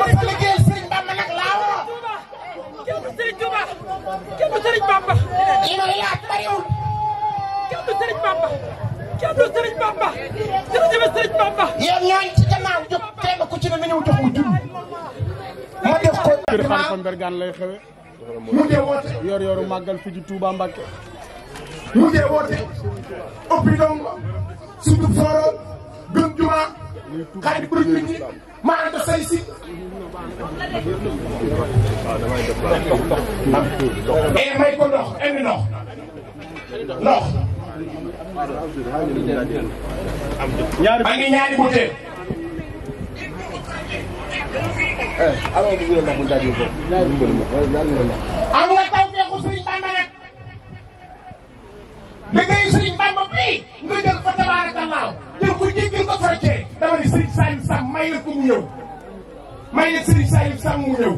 ma fa liggéeyal Serigne Bamba nag laa woo. kenn du Serigne Touba kenn du Serigne Bamba. lii lay laaj bariwul. kenn du Serigne Bamba kenn du Serigne Bamba jërëjëf Serigne Bamba. yéen ñooñu ci gannaaw jóg kenn ku ci ne nañu jox mu junni. ma def ko. kër Xalifa Mbergane lay xewe. mu dee woote. yor yoru màggal fii ci Touba Mbacké. mu dee woote. ëpp i dong. surtout Foro. gëm juma. xarit bu nit ñi. ma ànd say si. et eh, may ko ndox indi ndox ndox. maa ngi ñaari butéel. Eh, sàmm mu ñëw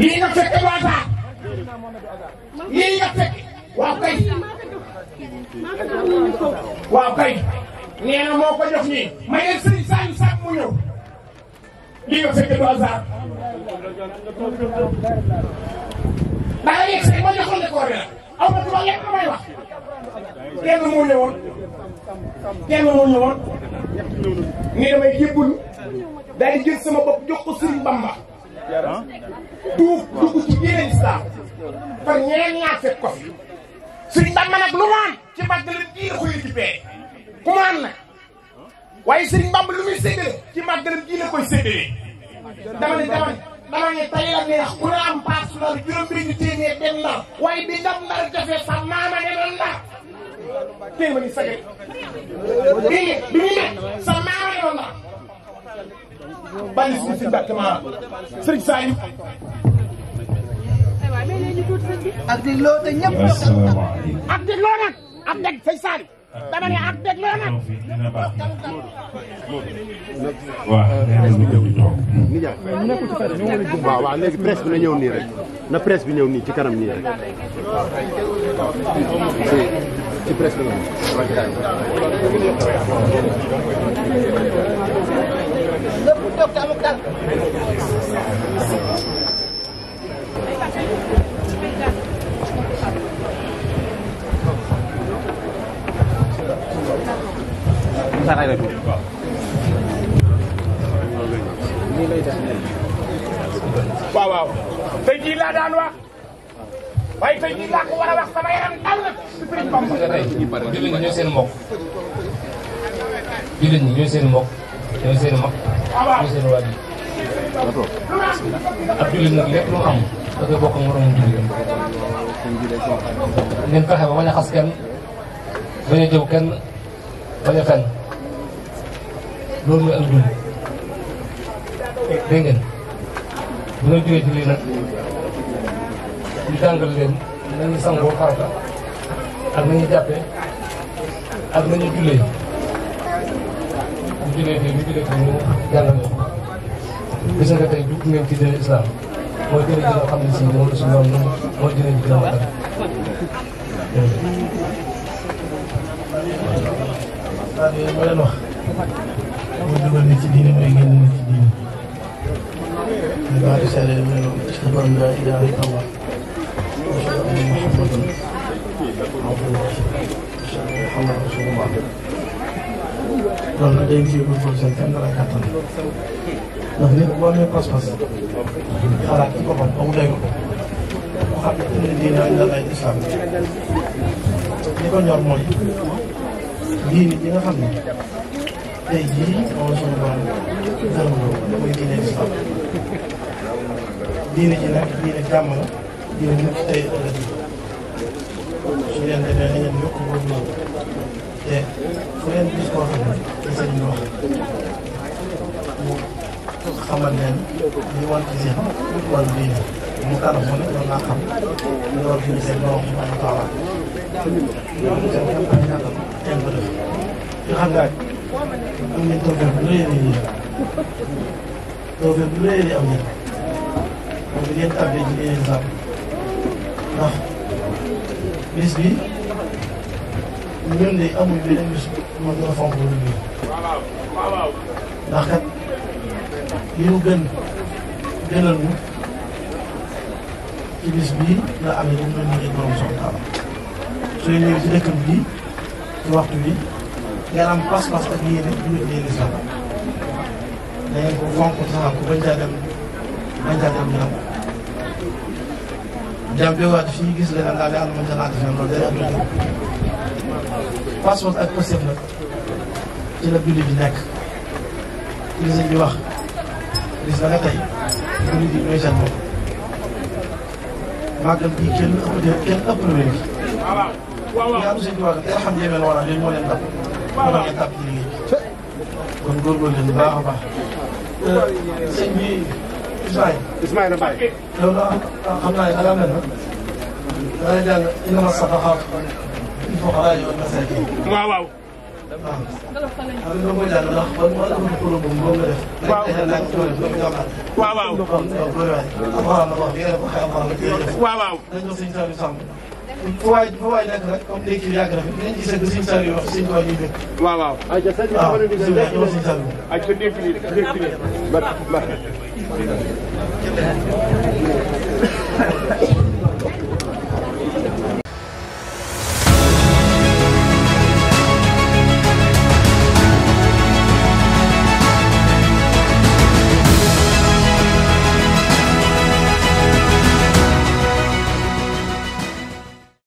lii nga fekk waataa lii nga fekk moo ko jox ñii ma ne sëriñ Saliou mu ñëw lii nga fekk du hasard daa yegg sëriñ ma joxoon ne ko rek aw ma tubaab lekk may wax kenn moo ñëwoon kenn moo ñëwoon ni damay jébbul daal di jël sama bopp jox ko Serigne Bamba. duuf dugg ci biir islam par ñeneen ñaar fekk ko fi. Bamba nag lu mu ci mbagg la diir koy jubbee ku mu am nag Bamba lu muy séddale ci mbagg la diir la koy séddale dama ne dama ne. dama ne tey la neex bàyyi si si Mbàkke Mara sëriñ Saïd ak dégloo te ñëpp ak dégloo nag ak dégg sëñ Saïd dama ne ak dégloo nag waaw waaw léegi presse bi na ñëw nii rek na presse bi ñëw nii ci kanam nii rek ci presse bi lépp toog te amul dal. waaw waaw tey jii laa daan wax waaye tey jii laa ko war a wax sama yaram dal na ci Sëriñ Bamba. jullit ñooy seen mbokk jullit ñooy seen mbokk. ñooy seen am da koy bokk fexe ba xas kenn bañ jëw kenn bañ a fenn loolu mooy ak jullit dégg bu ñu jógee ci nag ñu jàngal leen nañu sangoo farata ak nañu jàppe ak nañu jullee. fi nekkee ñu fi nekkee ñun jàngal nañu ko. gis nga tey dugg ngeen ci diine islam mooy gën a xam ne si moom la suñu doon mooy gën a gën a wax ma leen wax mooy dugal nit ci diine mooy génn nit ci diine. ñu baal di seede mu ne ashhadu an laa ilaaha illallaah wa ashhadu anna Muhammadan abduhu wa rasuuluh loolu nag day gis yu bëggoon seen kenn dara kàttan ndax nit boo amee pas-pas xalaat ci boppam ba mu ko mu xam ne ko ñor mooy diine ji xam ne tey jii moom suñu borom gërëmloo da koy diine islam diine ji nag diine jàmm la diine nit tey su leen defee na ngeen yokk góorgóorlu te fu leen gis koo xam ne ci sëñ bi wax mu xamal leen li war ci ne loolu laa xam loolu war ci seen borom mu am toolam loolu itam dafa am xam nga am nañ tawfeex bu la ñuy tawfeex am ngeen parce que ngeen tàbbee ci yeneen ndax bis bi ñun de amuñu bi bis ma gën fonk lu dul bii ndax kat li mu gën gënal ñu ci bis bii la amee dañu doon liggéey borom soxna Awa sooy ñëw ci dëkk bi ci waxtu bi nga am pas-pas ak yéene ñu yéene sax da ngeen ko fonk saxal ko bañ caa dem bañ caa dem ñu nam fii gis leen daal di ànd ma jëlaat fi loolu day am pas-pas ak pëstéef nag ci la jullit bi nekk ci li sëñ bi wax gis na nga tey jullit bi ñooy seen bopp màggal bi kenn ëpp kenn ëpp na leen fi ñaanu sëñ bi wax dëgg xam njëmee la wala leen moo leen dab moo leen dab ci liggéey kon góorgóorlu leen bu baax a baax euh, sëñ bi Ismaïl Ismaïl Mbaye loolu xam naa ne xalaat na la dana jàll inama sadaqaat fuqaraa yi wal masaakiin. waaw waaw. waaw. xam nga ko jàng ndax man man amul kuréel moom moom la def. waaw dañu dañu ci wàllu doomu jàmbaar. waaw waaw. xam nga loolu doy waay. alxuraan la wax bi nga def waxee alxuraan la koy def. waaw waaw. dañu doon sëñ Saliou Samb. fu waay fu waay nekk rek comme léegi bi yàgg na fi dinañ gis sëñ Saliou wax sëñ Saliou dëkk. waaw waaw. waaw sëñ Saliou sëñ Saliou. ak sa dégg lii dégg lii.